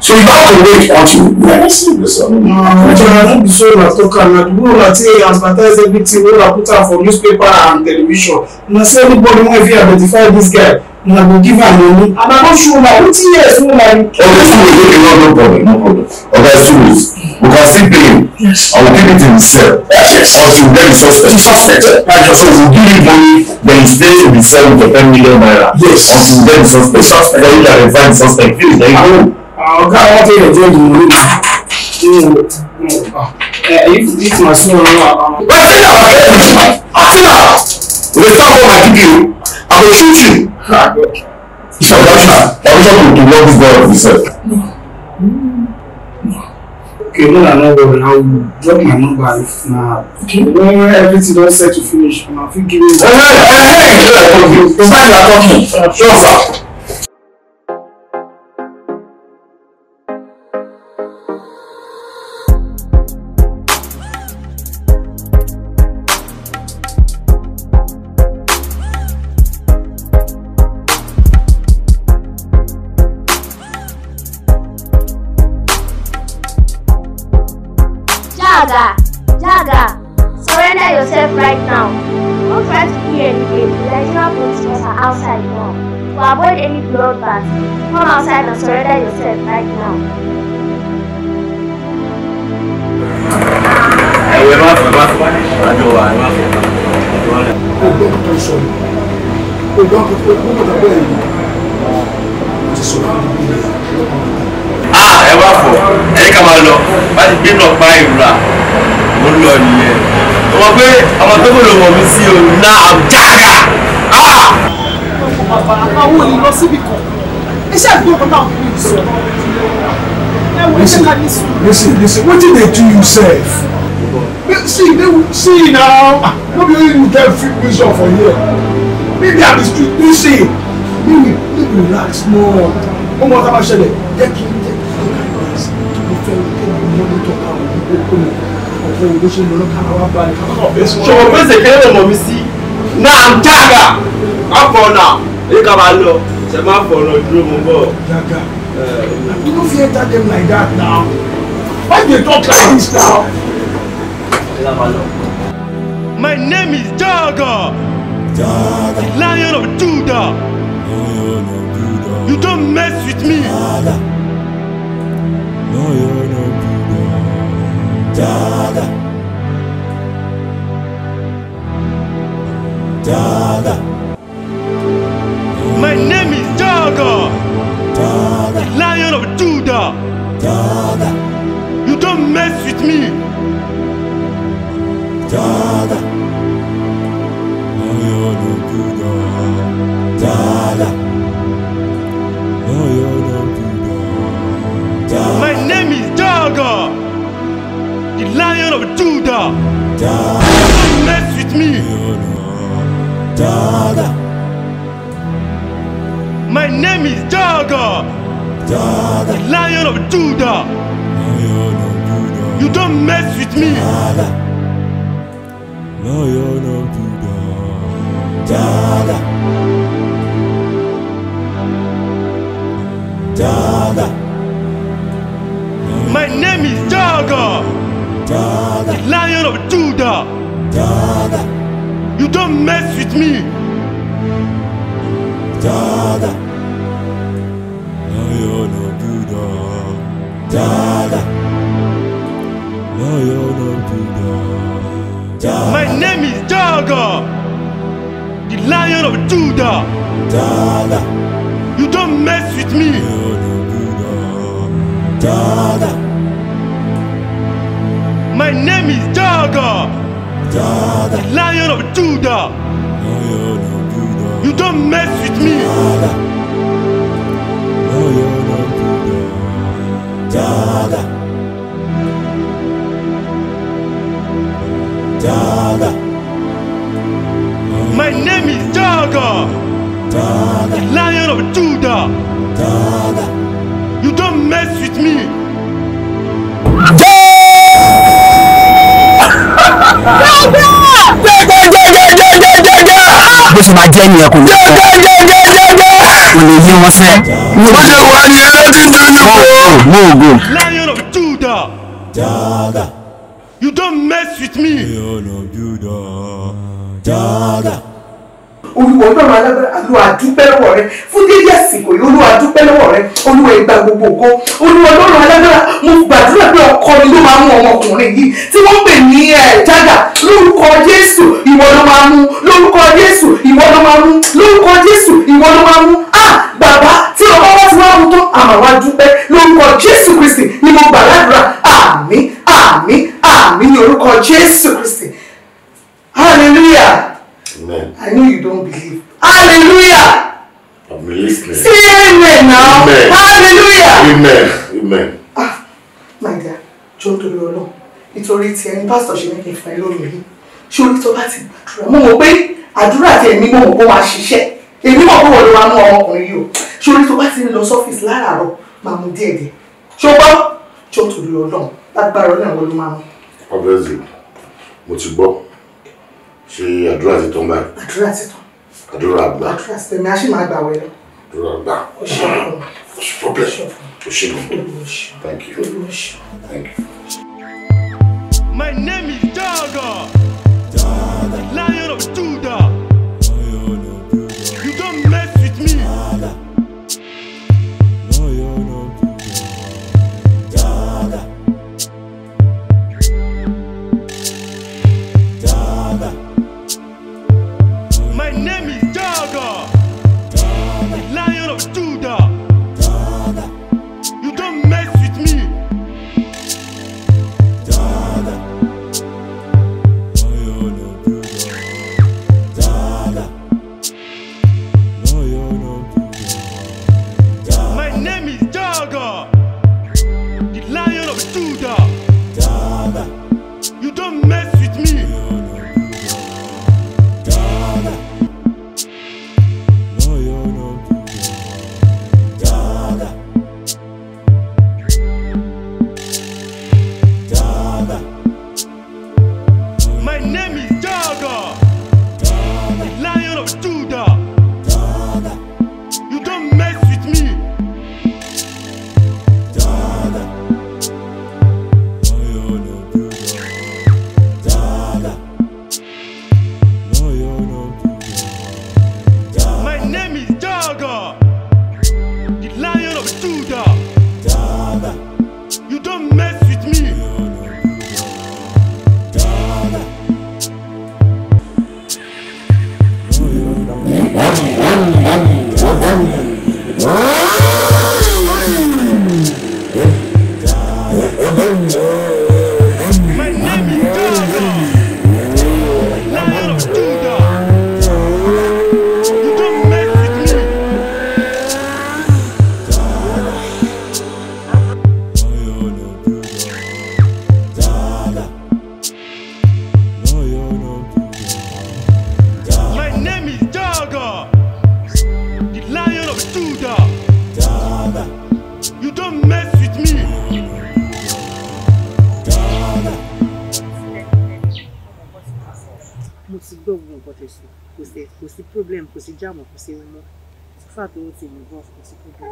So you have to wait until you are received. Ah, so na talk am na the one na take advertise everything wey na put am for newspaper and television na say anybody wey fit identify dis guy na go give am money and i no sure na wetin years no like. okay so we dey no no problem no problem oga students we can still pay him yes. i will keep it in cell but you get the suspect so we give him money then he stay to be seven for ten million naira yes. until you get the suspect suspect then he can revive the suspect please then he go. oga i wan take your job in money. if this na small one. wetin na my friend be? atina we dey talk about my pikin. I will shoot you. It's a rational. I wish I could do love God himself. No. No. Okay, no, no, no, no. I'll drop my number if now. Okay. When everything is set to finish, I'll give you. Hey, hey, hey! It's not you are talking. Sure, sir. àjọ wà ní wàfẹ́ ọgbọ́n tó sọ ní ọgbọ́n tó pé kó mọ̀tà bẹ́ẹ̀ ni mo ti sọ fún mi ní ẹ wá fọ ẹyẹ ká máa lọ bá ti gbé náà pa ìrora mo ń lọ nìyẹn ọmọ pé ọmọ tó gbọ́dọ̀ mọ mi sí o na àjára. Ah! àwọn èèyàn lọ síbi kan iṣẹ́ àdúgbò kan náà kò ní sọ. listen listen wetin dey do you see they see now ah, no be you get free vision for here maybe I'm the street you see me we me we relax more one more time i ṣẹlẹ̀ jẹ kí n jẹ kí n relax mo fẹ́ o kí n bí mo ní tọ́ka o ní kókó mi ọ̀pọ̀ òwe ṣe lọ́nà kára wá balẹ̀ kára wá bẹ́ẹ̀ sọ̀rọ̀. ṣòwò pèsè kéré lè mọ̀ mí sí náà ń jága afọ náà èyí ká máa lọ ṣe máa fọ ọ̀nà ìdúró mo bọ̀. jága you no fit enter them like that now why you dey talk like this now. My name is Daga, the lion of Judah. You don't mess with me. Daga. Daga. My name is Daga, the lion of Judah. You don't mess with me. Dada My name is Daga The Lion of Judah Dada Don't mess with me Dada My name is Daga The Lion of Judah You don't mess with me Dada no, you not My name is lion of Judah. You don't mess with me. Lion of Judah. Dog. My name is Daga, the lion of Judah. Daga. You don't mess with me. Daga. My name is Daga, Daga. the lion of Judah. You don't mess with me. Daga. Daga. Daga. My name is Daga. Daga. Lion of Judah. Daga. You don't mess with me. bó ṣe máa jẹ́ nìyẹn kò ní kọ́ kò lè yí wọn sẹ́. bó ṣe wà ní ẹlẹ́tí dáná. go go go. Lion of Judah. Daga dance with me. olùwọ̀ náà máa lágbára àlọ́ àdúpẹ́ lọ́wọ́ rẹ fún délé àsìkò yìí olúwa àdúpẹ́ lọ́wọ́ rẹ olúwa ìgbà gbogbo nǹkan olúwa lọ́rùn alágbára mo gbàdúrà pé ọkọ mi ló máa mú ọmọkùnrin yìí tí wọ́n pè ní jágà lórúkọ jésù ìwọ ló máa mú lórúkọ jésù ìwọ ló máa mú lórúkọ jésù ìwọ ló máa mú ah bàbá tí ọmọ wọn ti wá mú tán àmàwá dúpẹ́ lórúkọ jésù kristi ni mo gbàdúrà àmín àmín àmì ní orúkọ jésù kristi hallelujah amen i know you don't believe hallelujah say amen now amen. hallelujah amen amen ah my dear john tó lọ náà nítorí tí ẹni pásítọ̀ ṣe ní kí n fún ẹ lónìí yìí ṣé orí tó bá ti gbàdúrà mo mọ̀ pé àdúrà tí ẹ̀mí mo mọ̀ kó máa ṣiṣẹ́ èmi mọ̀ kó wọ́n ló máa mú ọmọkùnrin yìí o ṣé orí tó bá ti ń lọ sọ́fíìsì láràárọ̀ máa mú díẹ̀díẹ̀ ṣó gbọ́ ṣó tòlú ọlọ́run lágbára ọlọ́run ló máa mú. Obviously, mo ti gbọ́. Ṣé àdúrà ti tán báyìí? Àdúrà ti tán. Àdúrà àgbà. Àdúrà ti tẹ̀mí, a ṣì máa gbà wẹ̀rẹ̀. Àdúrà àgbà. O ṣe ọkọ. O ṣe problem. O ṣe gan. Thank you. Thank you. My name is Dada. Dada. Lion of Judah. jáàmù ah, kò sí mímọ́ fà tó ti yìnbọn kò sí kó bá.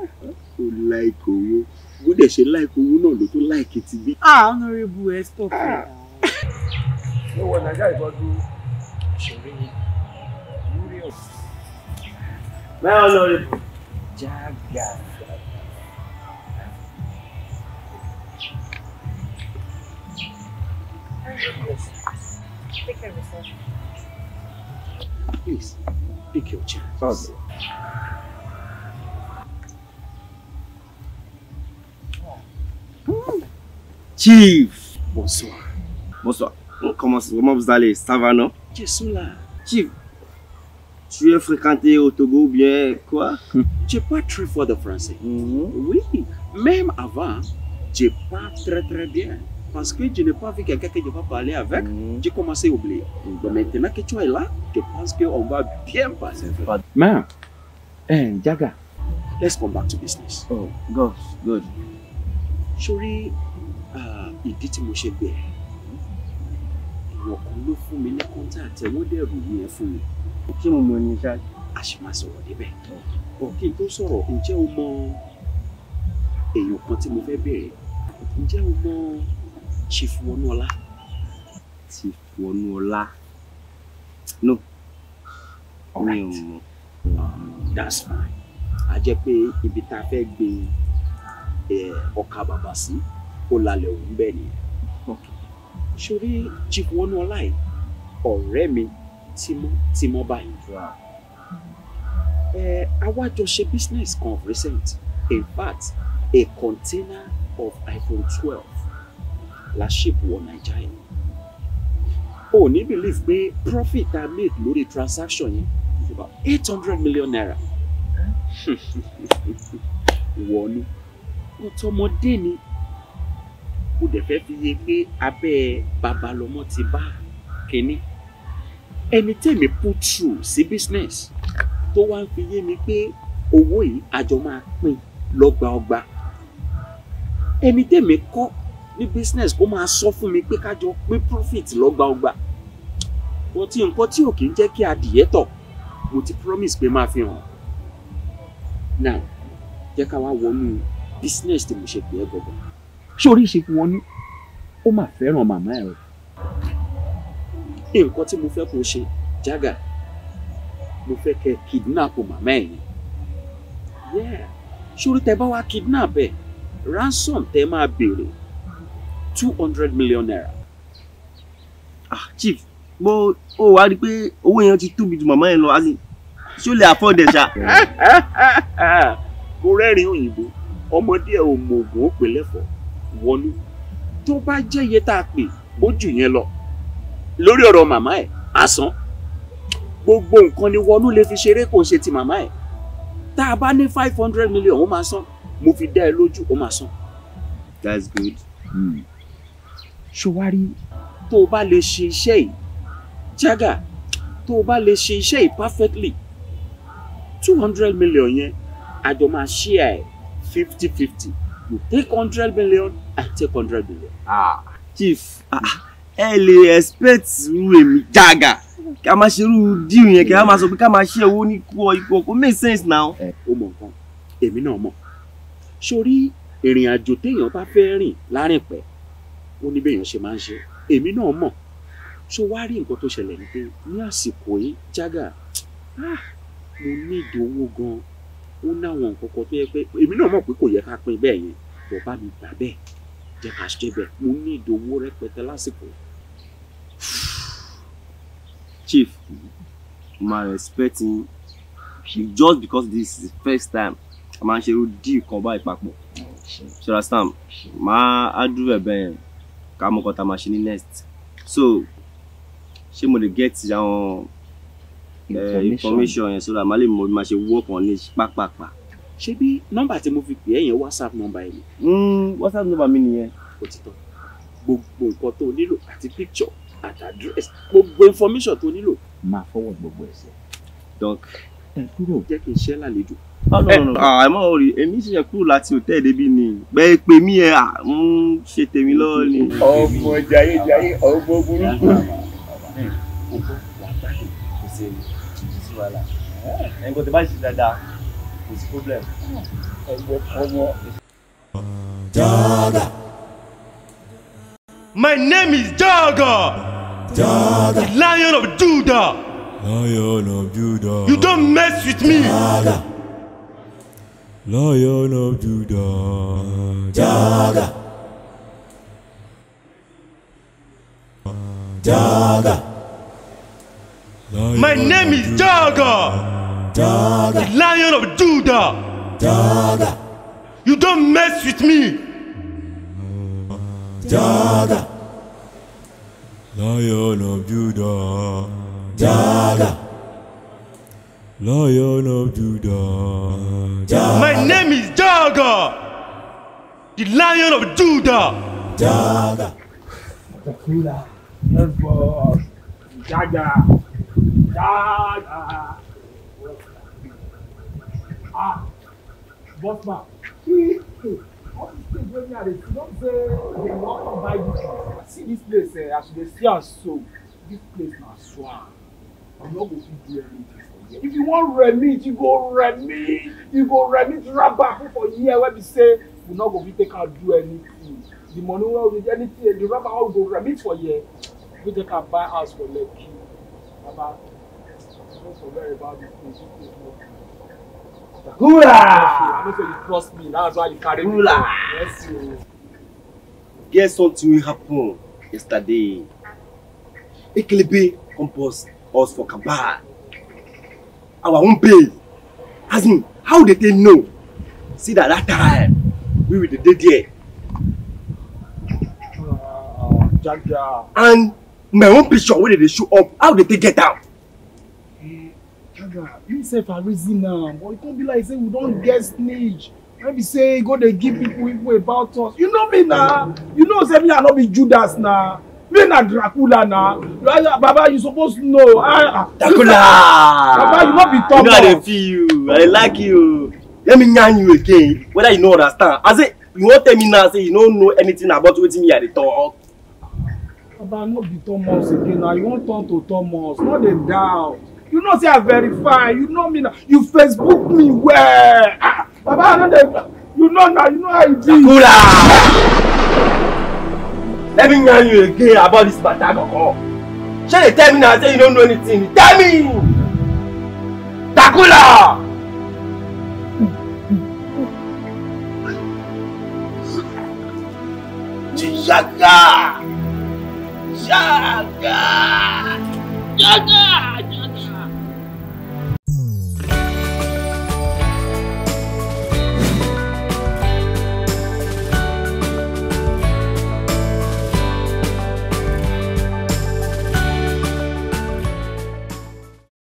ó láìkò owó bó dẹ̀ ṣe láìkò owó náà ló tó láìkì ti bí. a ah, honourable ẹ stop ah. ẹ. ó wọ nàìjíríà ìbọdú òṣèré lórí ọ̀sán. báyọ̀ honourable jágà. Take care of yourself. Please. pick your Chief Bonsoir. Bonsoir. Oh, comment, comment vous allez Ça va, non Je suis là. Chief, tu es fréquenté au Togo ou bien quoi Je n'ai pas très fort de français. Mm-hmm. Oui, même avant, je parle très très bien. parce que je n'ai pas vu quelqu'un que je vais parler avec, mmh. j'ai commencé à oublier. Mmh. Mais maintenant que tu es là, je pense qu'on va bien passer. Mais, hey, Jaga, let's come back to business. Oh, good, good. Sori, ah, ìdí tí mo ṣe je ẹ̀, ìwọ̀n kan ló fún mi ní kọ́ńtà àtẹwọ́dẹ̀rù yẹn fún mi. Kí mo mọ ní ṣáájú? A ṣì máa sọ̀rọ̀ débẹ̀. Oh. Kí n tó sọ̀rọ̀, ǹjẹ́ o mọ èèyàn kan tí mo fẹ́ bèèrè? Ǹjẹ́ o Chief Wonuola. Chief Wonuola. No. All right. Um, that's fine. A jẹ́ pé ibi tá a fẹ́ gbé ọkà bàbà sí, ó lalẹ̀ òun bẹ́ẹ̀ nìyẹn. Ṣorí Chief Wonuola yìí, ọ̀rẹ́ mi tímọ́tímọ́ báyìí. Uh, àwa jọ ṣe business kan recent in fact a container of iPhone twelve láṣìpù wọ nàìjíríà yìí o ní believe pé profit i made lórí transaction yẹn is about eight hundred million naira wọnú ọtọmọdé ni o dẹ̀ fẹ́ fi ye pé abẹ́ babalọmọ ti bá kínní ẹni tẹ̀mí put through sí business tó wá ń fi yé mi pé owó yìí àjọ máa pín lọ́gbàọgba ẹni tẹ̀mí kọ́ ní business kó máa sọ fún mi pé kájọ pín profit lọ́gbàọgbà wọ́n ti nǹkan tí ò kì í jẹ́ kí adìyẹ tọ̀ mo ti promise pé máa fi hàn now jẹ́ ká wá wọnú business tí mo ṣe pè é gbọ̀gbọ̀ ṣé orí ìṣekú wọn ní ó máa fẹ́ràn màmá ẹ̀ rẹ̀ nǹkan tí mo fẹ́ kó ṣe jágà mo fẹ́ kẹ́ kidnap màmá ẹ̀ yẹn ṣé orí tẹ bá wá kidnap ẹ̀ ransom tẹ máa béèrè two hundred million naira. ah chief bó o wá rí i pé owó yẹn ti tóbi ju màmá yẹn lọ asin ṣé o lè afford ẹ ṣá. kò rẹ́rìn òyìnbó ọmọdé ò mọ oògùn ó pè lẹ́fọ̀ọ́ to tó bá jẹ́ iye tá a pè ó jù yẹn lọ lórí ọ̀rọ̀ màmá ẹ̀ asán gbogbo nǹkan ni wọlú lè fi ṣeré kò ṣe ti màmá ẹ̀ tá a bá ní five hundred million ó máa san mo fi dá ẹ lójú ó máa san. that's good. Mm ṣòwárí tó o bá lè ṣe iṣẹ́ yìí jágà tó o bá lè ṣe iṣẹ́ yìí perfectly two hundred million yẹn àjọ máa ṣíà ẹ̀ fifty fifty you take hundred million I take hundred million. ah chief ah, ah, ẹ lè expect irú èmi jágà kí a máa ṣe irú díù yẹn kí a máa sọ pé ká máa ṣe owó ní ikú ikú ọkọ make sense now. ẹ o mọ nǹkan èmi náà mọ sórí ìrìn àjò téèyàn bá fẹ́ rìn láàrin pẹ́ ó ní bẹ́ẹ̀ yẹn ṣe máa ń ṣe èmi náà mọ̀ ṣó wá rí nǹkan tó ṣẹlẹ̀ ní pé ní àsìkò yìí jágà ah, mo ní ìdòwò gan ó náwọn nǹkan kan tó yẹ pé èmi náà mọ̀ pé kò yẹ ká pín bẹ́ẹ̀ yẹn bọ̀ mi gbà bẹ́ẹ̀ jẹ́ ká ṣe bẹ́ẹ̀ mo ní ìdòwò rẹpẹtẹ lásìkò. Chief ma respect him just because this is the first time a máa ń ṣe irú díì kan báyìí papọ̀ ṣe oh, understand máa á dúró ẹ̀bẹ̀ yẹn ká mọ nǹkan tá next so ṣé mo lè get àwọn eh, information yẹn so that màá lè mọ bí màá ṣe work on it pápápá. ṣé bí nọ́mbà tí mo fi pè é yẹn whatsapp nọ́mbà yẹn hmm, whatsapp nọ́mbà mi nìyẹn. ó ti tán gbogbo nǹkan tó nílò àti picture àti address gbogbo information tó nílò. máa fọwọ́ gbogbo ẹ̀sẹ̀. donc kúrò jẹ́ kí n ṣẹ́ lálejò. àmọ́ orí èmi ṣe kúrò láti òtẹ́ẹ̀lì débi ni bẹ́ẹ̀ pé mí ẹ ń ṣe tèmi lọ́wọ́ ni. ọmọ jayé jayé ọmọ burúkú. Jaga. My name is Jaga. Jaga. Lion of Judah. You don't mess with me. Jaga. Lion of Judah. Jaga. Jaga. My name is Jaga. Jaga. Lion of Judah. Jaga. You don't mess with me. Jaga. Lion of Judah. Jaga. Lion of Judah. Jaga. My name is Jaga. The Lion of Judah. Jaga. Jaga. Jaga. Jaga. Ah, boss See, all these things wey me I don't say they wan come buy you. See this place, eh, as you dey see am so, this place na swag. I'm not going to do anything for you. If you want remit, you go remit. You go remit rubber for a year where we say we not going to take out do anything. The money will be anything. The rubber will go remit for a year. We take out buy house for Lekki. Baba, don't forget about this thing. You take more. Hula! I know say you trust me. That's why you carry me. Yes, you. Guess what will happen yesterday. Ekelebe compost us for kabal our own pay as in how did they know see that that time we we the dey there uh, and my own picture where did they show up how did they get out? Chaga, you sef I reason now, but it can't be like say we don't get snitch. Maybe say go they give people info about us. You know me now. you know say me I not be Judas now me na dracula na baba you supposed to know ah, ah. dracula baba you no be talk you know i dey feel you i like you let me yarn you again whether you no understand i say you wan tell me now say you don't know anything about wetin me at the talk. baba not be thomas again na you wan turn to thomas not dey doubt you know say i verify you know me now. you facebook me well ah baba i know that. you know now. you know how you do. dracula. Let me yarn you again about this matter, Koko. Shey dey tell me now say you don't know anything. Tell me! Takula! Jaga! Jaga! Jaga!